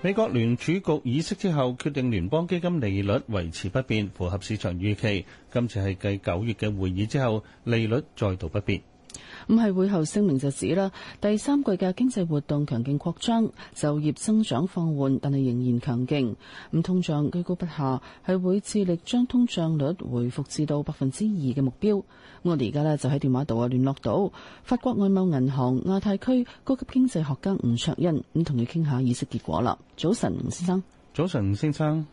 美國聯儲局議息之後決定，聯邦基金利率維持不變，符合市場預期。今次係繼九月嘅會議之後，利率再度不變。唔係會後聲明就指啦，第三季嘅經濟活動強勁擴張，就業增長放緩，但係仍然強勁。唔通脹居高不下，係會致力將通脹率回復至到百分之二嘅目標。我哋而家呢，就喺電話度啊聯絡到法國外貿銀行亞太區高級經濟學家吳卓殷，咁同你傾下議息結果啦。早晨吳先生，早晨吳先生，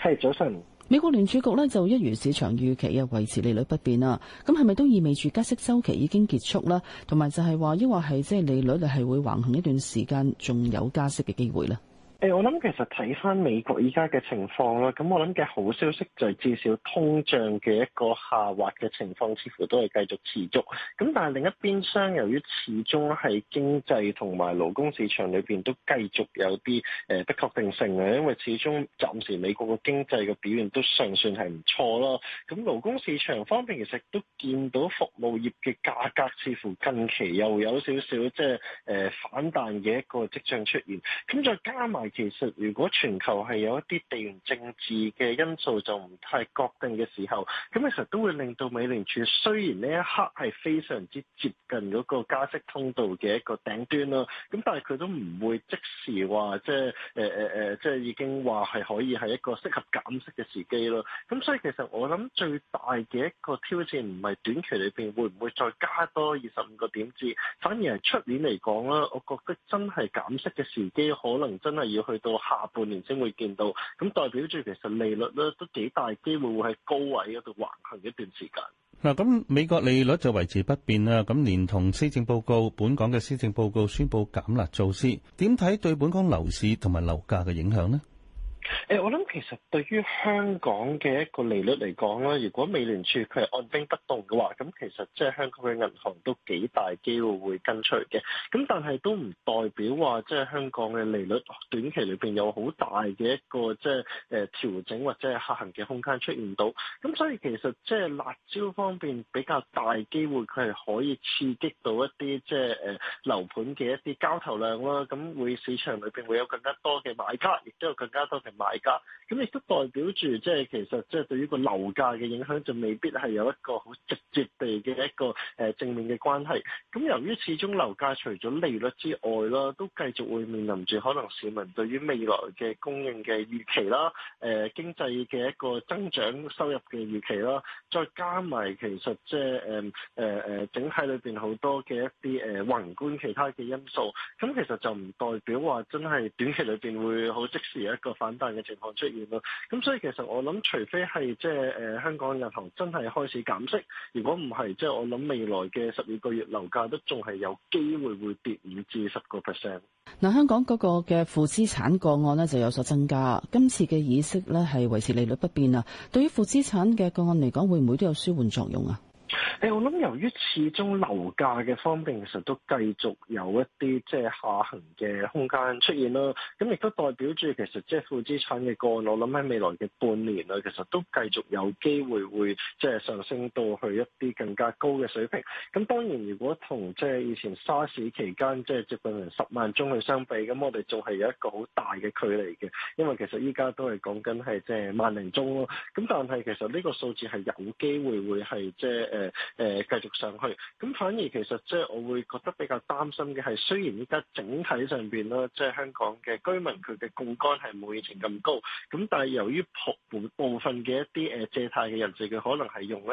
係早晨。美國聯儲局咧就一如市場預期啊，維持利率不變啊，咁係咪都意味住加息周期已經結束啦？同埋就係話，抑或係即係利率係會橫行一段時間，仲有加息嘅機會呢？誒，我諗其實睇翻美國依家嘅情況啦，咁我諗嘅好消息就係至少通脹嘅一個下滑嘅情況似乎都係繼續持續。咁但係另一邊廂，由於始終係經濟同埋勞工市場裏邊都繼續有啲誒不確定性啊，因為始終暫時美國嘅經濟嘅表現都尚算係唔錯咯。咁勞工市場方面其實都見到服務業嘅價格似乎近期又有少少即係誒反彈嘅一個跡象出現。咁再加埋。其實，如果全球係有一啲地緣政治嘅因素就唔太確定嘅時候，咁其實都會令到美聯儲雖然呢一刻係非常之接近嗰個加息通道嘅一個頂端啦，咁但係佢都唔會即時話即係誒誒誒，即係、呃、已經話係可以喺一個適合減息嘅時機咯。咁所以其實我諗最大嘅一個挑戰唔係短期裏邊會唔會再加多二十五個點子，反而係出年嚟講啦，我覺得真係減息嘅時機可能真係要。去到下半年先會見到，咁代表住其實利率咧，都幾大機會會喺高位嗰度橫行一段時間。嗱，咁美國利率就維持不變啦，咁連同施政報告，本港嘅施政報告宣布減辣措施，點睇對本港樓市同埋樓價嘅影響呢？欸、我諗其實對於香港嘅一個利率嚟講，如果美聯儲佢係按兵不動嘅話，咁其實即係香港嘅銀行都幾大機會會跟隨嘅。咁但係都唔代表話即係香港嘅利率短期裏面有好大嘅一個即係誒調整或者係下行嘅空間出現到。咁所以其實即係辣招方面比較大機會佢係可以刺激到一啲即係誒樓盤嘅一啲交投量啦。咁會市場裏面會有更加多嘅買家，亦都有更加多嘅。買家，咁亦都代表住，即係其實即係對於個樓價嘅影響就未必係有一個好直接地嘅一個誒正面嘅關係。咁由於始終樓價除咗利率之外啦，都繼續會面臨住可能市民對於未來嘅供應嘅預期啦，誒經濟嘅一個增長收入嘅預期啦，再加埋其實即係誒誒誒整體裏邊好多嘅一啲誒宏觀其他嘅因素，咁其實就唔代表話真係短期裏邊會好即時一個反彈嘅情況出現啦，咁所以其實我諗，除非係即係誒香港銀行真係開始減息，如果唔係，即係我諗未來嘅十二個月樓價都仲係有機會會跌五至十個 percent。嗱，香港嗰個嘅負資產個案呢，就有所增加，今次嘅議息呢，係維持利率不變啊。對於負資產嘅個案嚟講，會唔會都有舒緩作用啊？誒，我諗由於始終樓價嘅方面，其實都繼續有一啲即係下行嘅空間出現囉。咁亦都代表住其實即係負資產嘅個案，我諗喺未來嘅半年內，其實都繼續有機會會即係上升到去一啲更加高嘅水平。咁當然，如果同即係以前沙士期間即係接近成十萬宗去相比，咁我哋仲係有一個好大嘅距離嘅。因為其實依家都係講緊係即係萬零宗咯。咁但係其實呢個數字係有機會會係即係誒。誒、嗯、繼續上去，咁反而其實即係我會覺得比較擔心嘅係，雖然依家整體上面啦即係香港嘅居民佢嘅槓桿係冇以前咁高，咁但係由於部分嘅一啲借貸嘅人士，佢可能係用一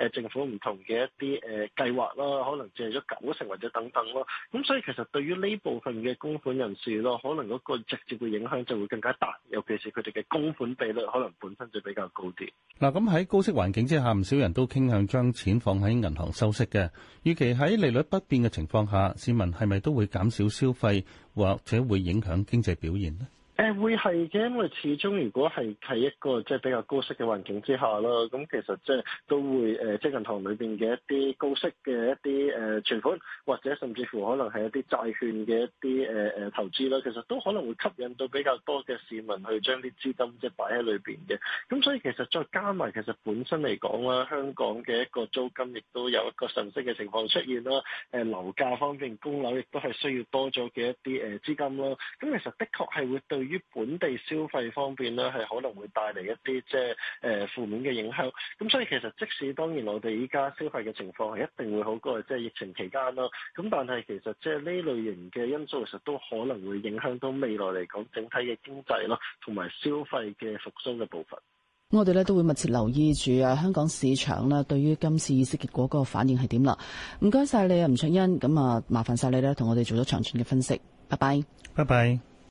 啲政府唔同嘅一啲計劃啦，可能借咗九成或者等等咯，咁所以其實對於呢部分嘅供款人士咯，可能嗰個直接嘅影響就會更加大，尤其是佢哋嘅供款比率可能本身就比較高啲。嗱，咁喺高息環境之下，唔少人都傾向將錢放喺銀行收息嘅預期，喺利率不變嘅情況下，市民係咪都會減少消費，或者會影響經濟表現呢？誒會係嘅，因為始終如果係喺一個即係比較高息嘅環境之下啦，咁其實即係都會即係銀行裏面嘅一啲高息嘅一啲誒、呃、存款，或者甚至乎可能係一啲債券嘅一啲誒、呃、投資啦，其實都可能會吸引到比較多嘅市民去將啲資金即係擺喺裏面嘅。咁所以其實再加埋，其實本身嚟講啦，香港嘅一個租金亦都有一個上升嘅情況出現啦。誒樓價方面，供樓亦都係需要多咗嘅一啲誒資金咯。咁、呃、其實的確係會對於本地消費方面，呢係可能會帶嚟一啲即係誒負面嘅影響。咁所以其實即使當然我哋依家消費嘅情況係一定會好過即係、就是、疫情期間啦。咁但係其實即係呢類型嘅因素，其實都可能會影響到未來嚟講整體嘅經濟咯，同埋消費嘅復甦嘅部分。我哋咧都會密切留意住啊香港市場啦，對於今次議息結果嗰個反應係點啦。唔該晒你啊，吳卓殷。咁啊，麻煩晒你咧，同我哋做咗長短嘅分析。拜拜。拜拜。